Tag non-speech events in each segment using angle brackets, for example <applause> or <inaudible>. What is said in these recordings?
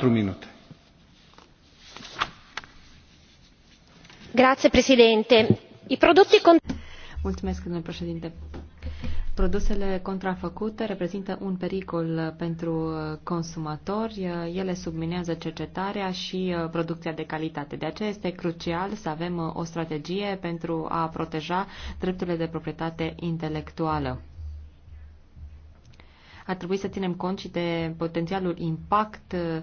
domnule președinte. Produsele contrafăcute reprezintă un pericol pentru uh, consumatori, uh, ele subminează cercetarea și uh, producția de calitate. De aceea este crucial să avem o strategie pentru a proteja drepturile de proprietate intelectuală. Ar trebui să ținem cont și de potențialul impact uh,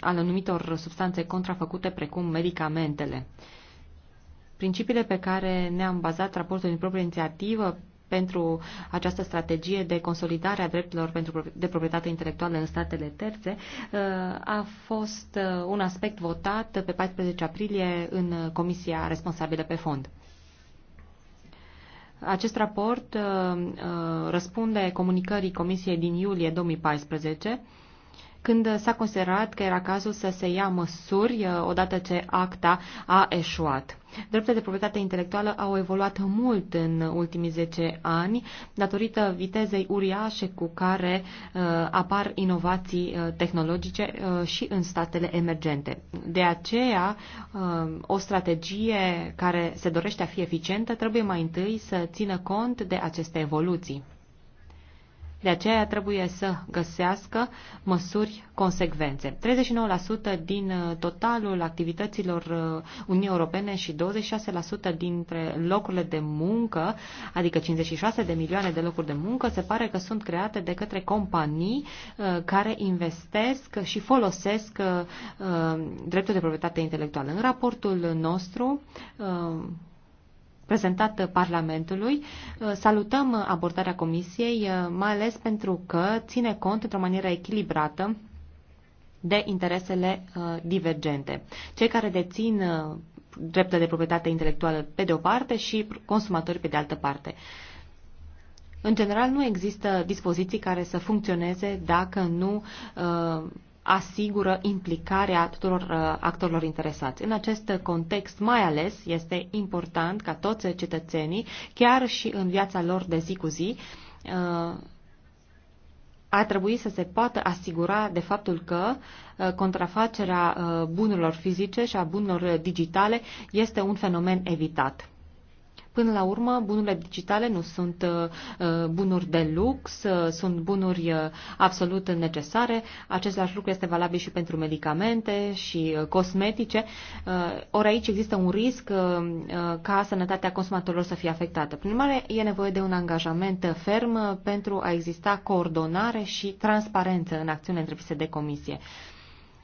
al anumitor substanțe contrafăcute, precum medicamentele. Principiile pe care ne-am bazat raportul din proprie inițiativă pentru această strategie de consolidare a drepturilor pentru, de proprietate intelectuală în statele terțe uh, a fost uh, un aspect votat pe 14 aprilie în Comisia responsabilă pe fond. Acest raport uh, uh, răspunde comunicării Comisiei din iulie 2014 când s-a considerat că era cazul să se ia măsuri uh, odată ce acta a eșuat. Drepturile de proprietate intelectuală au evoluat mult în ultimii 10 ani datorită vitezei uriașe cu care uh, apar inovații uh, tehnologice uh, și în statele emergente. De aceea, uh, o strategie care se dorește a fi eficientă trebuie mai întâi să țină cont de aceste evoluții. De aceea trebuie să găsească măsuri consecvențe. 39% din uh, totalul activităților uh, unii Europene și 26% dintre locurile de muncă, adică 56 de milioane de locuri de muncă, se pare că sunt create de către companii uh, care investesc și folosesc dreptul de proprietate intelectuală. În raportul nostru, prezentat Parlamentului. Uh, salutăm abordarea Comisiei, uh, mai ales pentru că ține cont într-o manieră echilibrată de interesele uh, divergente. Cei care dețin dreptul de proprietate intelectuală pe de o parte și consumatorii pe de altă parte. În general, nu există dispoziții care să funcționeze dacă nu uh, asigură implicarea tuturor uh, actorilor interesați. În acest context, mai ales, este important ca toți cetățenii, chiar și în viața lor de zi cu zi, uh, ar trebui să se poată asigura de faptul că uh, contrafacerea uh, bunurilor fizice și a bunurilor digitale este un fenomen evitat. Până la urmă, bunurile digitale nu sunt uh, bunuri de lux, uh, sunt bunuri uh, absolut necesare. Același lucru este valabil și pentru medicamente și cosmetice. Ori aici există un risc ca sănătatea consumatorilor să fie afectată. Prin urmare, e nevoie de un angajament ferm pentru a exista coordonare și transparență în acțiune întreprise de comisie.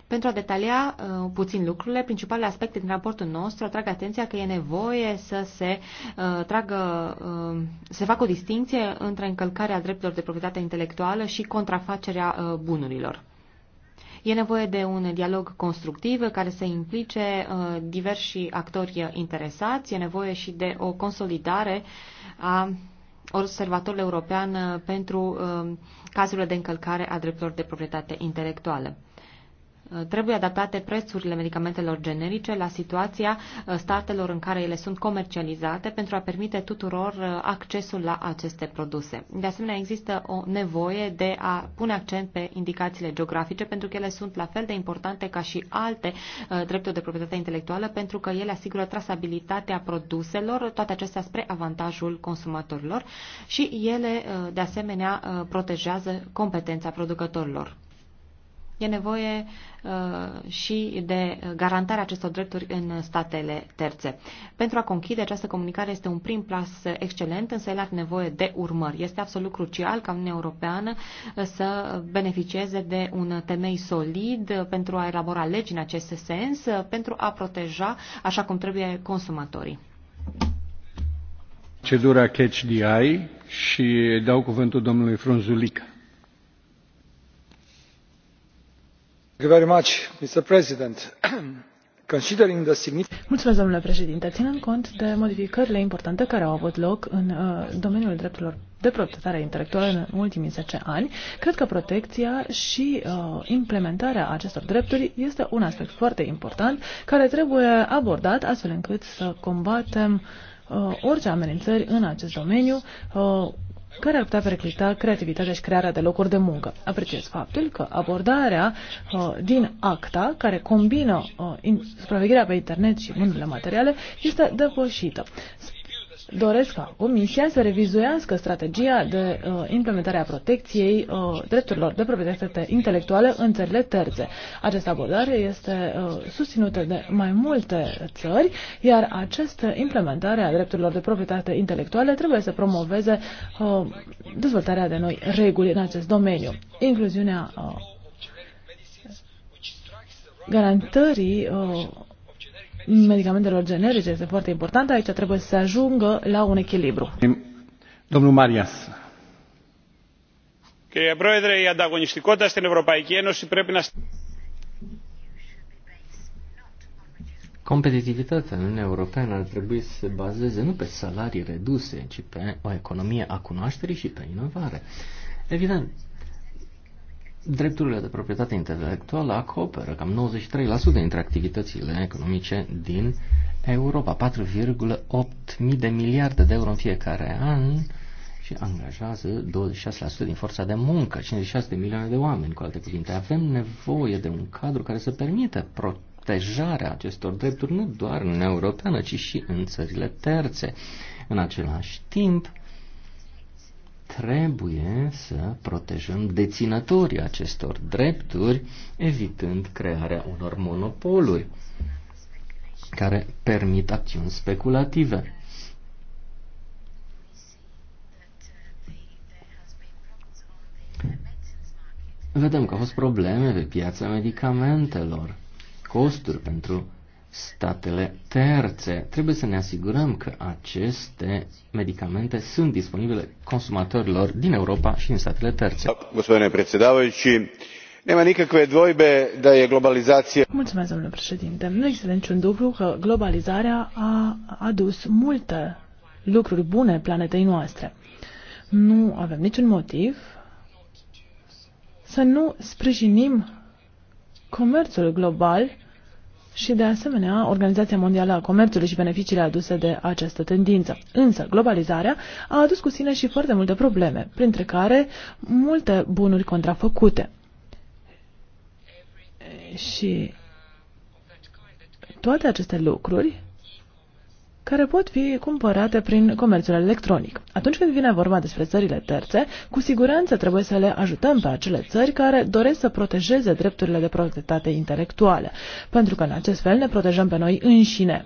Pentru a detalia uh, puțin lucrurile, principalele aspecte din raportul nostru atrag atenția că e nevoie să se uh, tragă, uh, să facă o distinție între încălcarea drepturilor de proprietate intelectuală și contrafacerea uh, bunurilor. E nevoie de un dialog constructiv care să implice uh, diversi actori interesați, e nevoie și de o consolidare a observatorul european uh, pentru uh, cazurile de încălcare a drepturilor de proprietate intelectuală. Uh, trebuie adaptate prețurile medicamentelor generice la situația uh, statelor în care ele sunt comercializate pentru a permite tuturor uh, accesul la aceste produse. De asemenea, există o nevoie de a pune accent pe indicațiile geografice pentru că ele sunt la fel de importante ca și alte drepturi de proprietate intelectuală pentru că ele asigură trasabilitatea produselor, toate acestea spre avantajul consumatorilor și ele, de asemenea, protejează competența producătorilor. E nevoie uh, și de garantarea acestor drepturi în statele terțe. Pentru a conchide, această comunicare este un prim plas excelent, însă el are nevoie de urmări. Este absolut crucial ca Uniunea Europeană uh, să beneficieze de un temei solid pentru a elabora legi în acest sens, uh, pentru a proteja așa cum trebuie consumatorii. Cedura catch the eye și dau cuvântul domnului Frunzulică. <clears throat> domnule președinte ținând cont de modificările importante care au avut loc în uh, domeniul drepturilor de proprietate intelectuală în ultimii zece ani, cred că protecția și uh, implementarea acestor drepturi este un aspect foarte important care trebuie abordat astfel încât să combatem uh, orice amenințări în acest domeniu, uh, care ar putea periclita creativitatea și crearea de locuri de muncă. Apreciez faptul că abordarea uh, din ACTA, care combină uh, supravegherea pe internet și mândurile materiale, este depășită doresc ca Comisia să revizuiască strategia de uh, implementare a protecției uh, drepturilor de proprietate intelectuală în țările terțe. Această abordare este uh, susținută de mai multe țări, iar această implementare a drepturilor de proprietate intelectuală trebuie să promoveze uh, dezvoltarea de noi reguli în acest domeniu, incluziunea uh, garantării uh, medicamentelor generice este foarte importantă. Aici trebuie să se ajungă la un echilibru. Domnul Marias. Κύριε Πρόεδρε, η ανταγωνιστικότητα στην Ευρωπαϊκή Ένωση πρέπει να... Competitivitatea în Uniunea Europeană ar trebui să se bazeze nu pe salarii reduse, ci pe o economie a cunoașterii și pe inovare. Evident, Drepturile de proprietate intelectuală acoperă cam 93% dintre activitățile economice din Europa, 4,8 mii de miliarde de euro în fiecare an și angajează 26% din forța de muncă, 56 de milioane de oameni, cu alte cuvinte. Avem nevoie de un cadru care să permită protejarea acestor drepturi nu doar în Europeană, ci și în țările terțe. În același timp, trebuie să protejăm deținătorii acestor drepturi, evitând crearea unor monopoluri care permit acțiuni speculative. Vedem că au fost probleme pe piața medicamentelor, costuri pentru statele terțe. Trebuie să ne asigurăm că aceste medicamente sunt disponibile consumatorilor din Europa și în statele terțe. Da Mulțumesc, domnule președinte. Nu există niciun dublu că globalizarea a adus multe lucruri bune planetei noastre. Nu avem niciun motiv să nu sprijinim comerțul global și, de asemenea, Organizația Mondială a Comerțului și beneficiile aduse de această tendință. Însă, globalizarea a adus cu sine și foarte multe probleme, printre care multe bunuri contrafăcute. Și toate aceste lucruri care pot fi cumpărate prin comerțul electronic. Atunci când vine vorba despre țările terțe, cu siguranță trebuie să le ajutăm pe acele țări care doresc să protejeze drepturile de proprietate intelectuală, pentru că în acest fel ne protejăm pe noi înșine.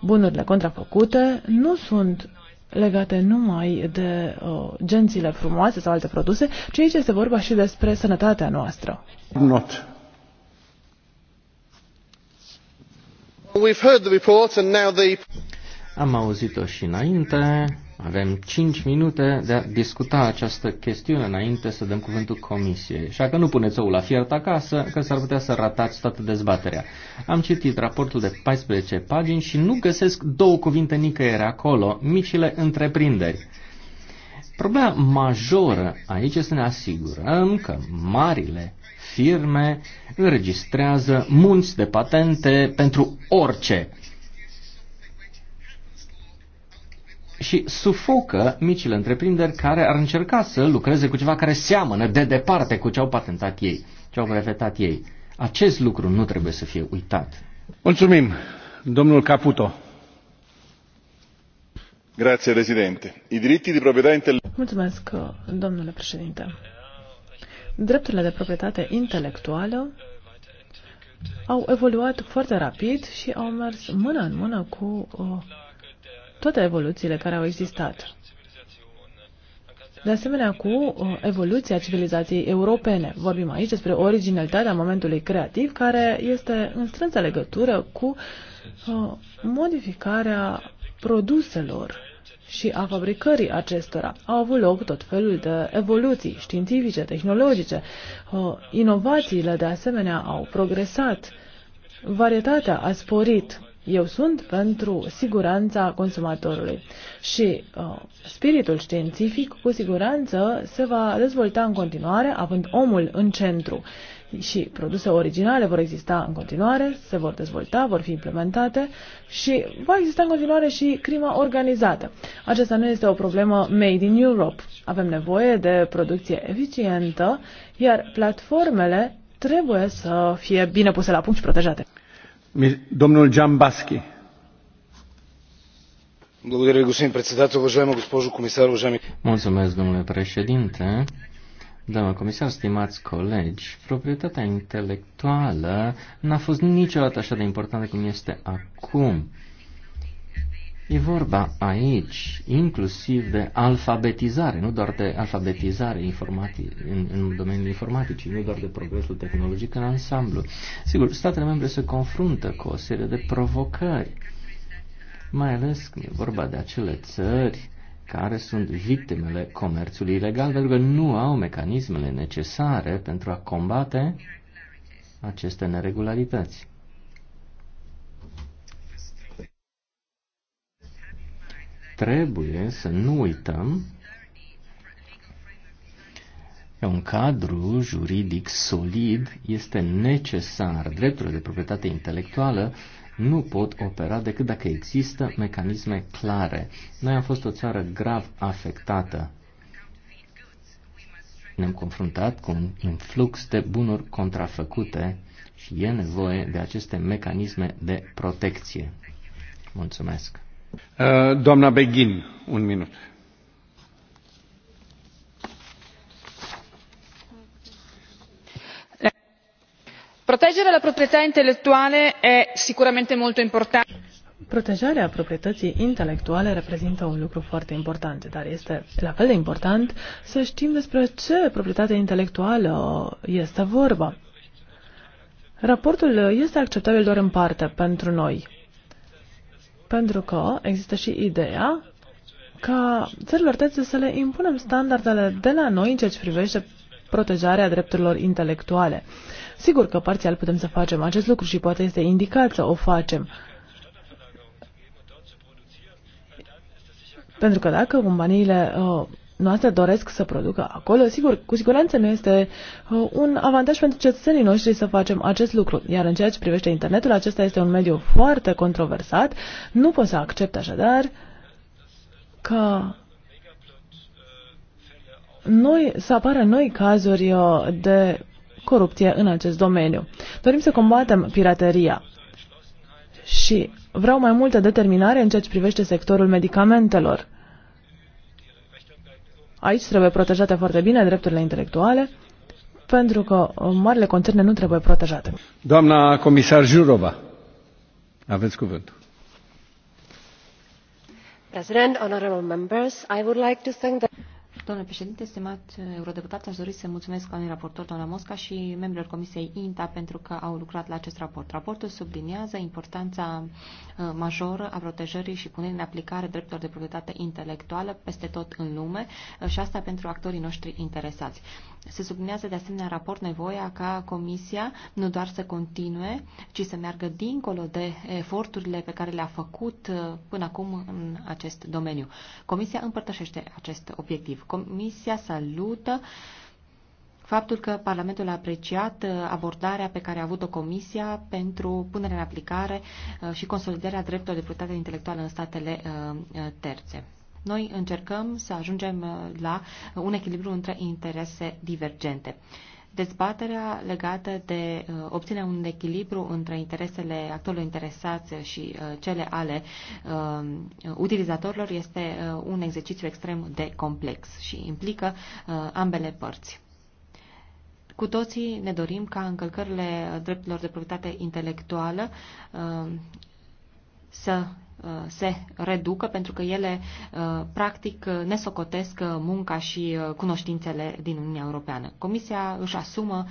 Bunurile contrafăcute nu sunt legate numai de uh, gențile frumoase sau alte produse, ci aici este vorba și despre sănătatea noastră. Not. We've heard the report and now the... Am auzit-o și înainte. Avem 5 minute de a discuta această chestiune înainte să dăm cuvântul comisiei. Așa că nu puneți oul la fiert acasă, că s-ar putea să ratați toată dezbaterea. Am citit raportul de 14 pagini și nu găsesc două cuvinte nicăieri acolo, micile întreprinderi. Problema majoră aici este să ne asigurăm că marile firme înregistrează munți de patente pentru orice și sufocă micile întreprinderi care ar încerca să lucreze cu ceva care seamănă de departe cu ce au patentat ei, ce au brevetat ei. Acest lucru nu trebuie să fie uitat. Mulțumim, domnul Caputo. Grazie, Presidente. I diritti di proprietà intellettuale. Mulțumesc, domnule președinte. Drepturile de proprietate intelectuală au evoluat foarte rapid și au mers mână în mână cu uh, toate evoluțiile care au existat. De asemenea, cu uh, evoluția civilizației europene. Vorbim aici despre originalitatea momentului creativ, care este în strânsă legătură cu uh, modificarea produselor și a fabricării acestora. Au avut loc tot felul de evoluții științifice, tehnologice. Uh, inovațiile, de asemenea, au progresat. Varietatea a sporit. Eu sunt pentru siguranța consumatorului și uh, spiritul științific cu siguranță se va dezvolta în continuare, având omul în centru. Și produse originale vor exista în continuare, se vor dezvolta, vor fi implementate și va exista în continuare și crima organizată. Aceasta nu este o problemă made in Europe. Avem nevoie de producție eficientă, iar platformele trebuie să fie bine puse la punct și protejate. Mulțumesc, domnule președinte. doamnă comisar, stimați colegi, proprietatea intelectuală n-a fost niciodată așa de importantă cum este acum. E vorba aici inclusiv de alfabetizare, nu doar de alfabetizare informatic, în, în domeniul ci nu doar de progresul tehnologic în ansamblu. Sigur, statele membre se confruntă cu o serie de provocări, mai ales când e vorba de acele țări care sunt victimele comerțului ilegal, pentru că nu au mecanismele necesare pentru a combate aceste neregularități. trebuie să nu uităm că un cadru juridic solid este necesar. Drepturile de proprietate intelectuală nu pot opera decât dacă există mecanisme clare. Noi am fost o țară grav afectată. Ne-am confruntat cu un flux de bunuri contrafăcute și e nevoie de aceste mecanisme de protecție. Mulțumesc! Uh, doamna Beghin, un minut. Proteggere la proprietà intellettuale è Protejarea proprietății intelectuale reprezintă un lucru foarte important, dar este la fel de important să știm despre ce proprietate intelectuală este vorba. Raportul este acceptabil doar în parte pentru noi. Pentru că există și ideea ca țărilor terțe să le impunem standardele de la noi în ceea ce privește protejarea drepturilor intelectuale. Sigur că parțial putem să facem acest lucru și poate este indicat să o facem. Pentru că dacă companiile uh, noastre doresc să producă acolo, sigur, cu siguranță nu este uh, un avantaj pentru cetățenii noștri să facem acest lucru. Iar în ceea ce privește internetul, acesta este un mediu foarte controversat. Nu pot să accept așadar că noi, să apară noi cazuri uh, de corupție în acest domeniu. Dorim să combatem pirateria și vreau mai multă determinare în ceea ce privește sectorul medicamentelor. Aici trebuie protejate foarte bine drepturile intelectuale, pentru că uh, marile concerne nu trebuie protejate. Doamna comisar Jurova, aveți cuvântul. President, honorable members, I would like to thank the Domnule președinte, stimat uh, eurodeputat, aș dori să mulțumesc unui raportor, doamna Mosca și membrilor Comisiei INTA pentru că au lucrat la acest raport. Raportul subliniază importanța uh, majoră a protejării și punerii în aplicare drepturilor de proprietate intelectuală peste tot în lume uh, și asta pentru actorii noștri interesați. Se subliniază de asemenea raport nevoia ca Comisia nu doar să continue, ci să meargă dincolo de eforturile pe care le-a făcut până acum în acest domeniu. Comisia împărtășește acest obiectiv. Comisia salută faptul că Parlamentul a apreciat uh, abordarea pe care a avut-o Comisia pentru punerea în aplicare uh, și consolidarea dreptului de proprietate intelectuală în statele uh, terțe. Noi încercăm să ajungem la un echilibru între interese divergente. Dezbaterea legată de uh, obținerea un echilibru între interesele actorilor interesați și uh, cele ale uh, utilizatorilor este uh, un exercițiu extrem de complex și implică uh, ambele părți. Cu toții ne dorim ca încălcările drepturilor de proprietate intelectuală uh, să Uh, se reducă pentru că ele uh, practic uh, ne socotesc munca și cunoștințele din Uniunea Europeană. Comisia își asumă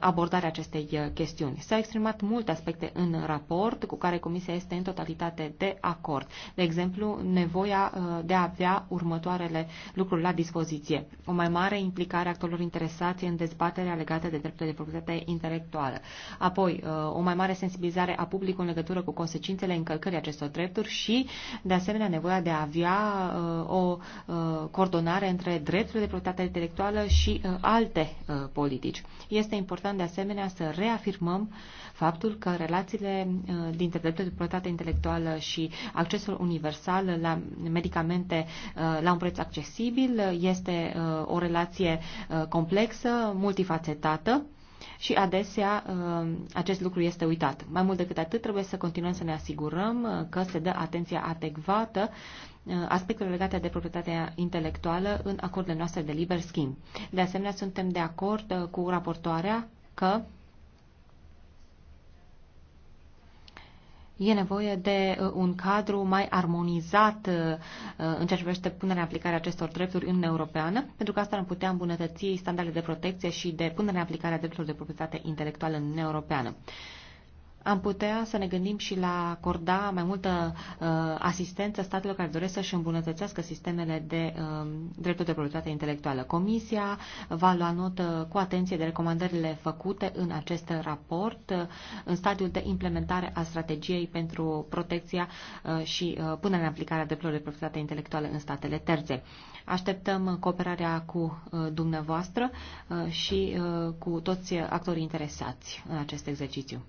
abordarea acestei chestiuni. S-au exprimat multe aspecte în raport cu care Comisia este în totalitate de acord. De exemplu, nevoia de a avea următoarele lucruri la dispoziție. O mai mare implicare a actorilor interesați în dezbaterea legată de drepturile de proprietate intelectuală. Apoi, o mai mare sensibilizare a publicului în legătură cu consecințele încălcării acestor drepturi drepturi și, de asemenea, nevoia de a avea uh, o uh, coordonare între drepturile de proprietate intelectuală și uh, alte politici. Este important, de asemenea, să reafirmăm faptul că relațiile dintre drepturile de proprietate intelectuală și accesul universal la medicamente la un preț accesibil este o relație complexă, multifacetată și adesea uh, acest lucru este uitat. Mai mult decât atât, trebuie să continuăm să ne asigurăm uh, că se dă atenția adecvată uh, aspectele legate de proprietatea intelectuală în acordurile noastre de liber schimb. De asemenea, suntem de acord cu raportoarea că E nevoie de uh, un cadru mai armonizat uh, uh, în ceea ce privește punerea în aplicare acestor drepturi în Europeană, pentru că asta ar putea îmbunătăți standardele de protecție și de punerea în aplicare a drepturilor de proprietate intelectuală în Europeană am putea să ne gândim și la acorda mai multă uh, asistență statelor care doresc să-și îmbunătățească sistemele de uh, drepturi de proprietate intelectuală. Comisia va lua notă cu atenție de recomandările făcute în acest raport uh, în stadiul de implementare a strategiei pentru protecția uh, și uh, punerea în aplicarea drepturilor de proprietate intelectuală în statele terțe. Așteptăm cooperarea cu uh, dumneavoastră uh, și uh, cu toți actorii interesați în acest exercițiu.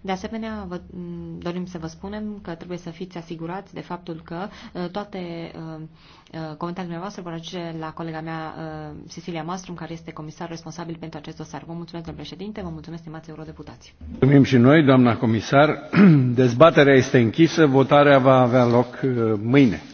De asemenea, vă, mm, dorim să vă spunem că trebuie să fiți asigurați de faptul că uh, toate uh, uh, comentariile noastre vor ajunge la colega mea, Cecilia Mastrum, care este comisar responsabil pentru acest dosar. Vă mulțumesc, domnule președinte, vă mulțumesc, stimați eurodeputați. Mulțumim și noi, doamna comisar. <clears throat> Dezbaterea este închisă, votarea va avea loc mâine.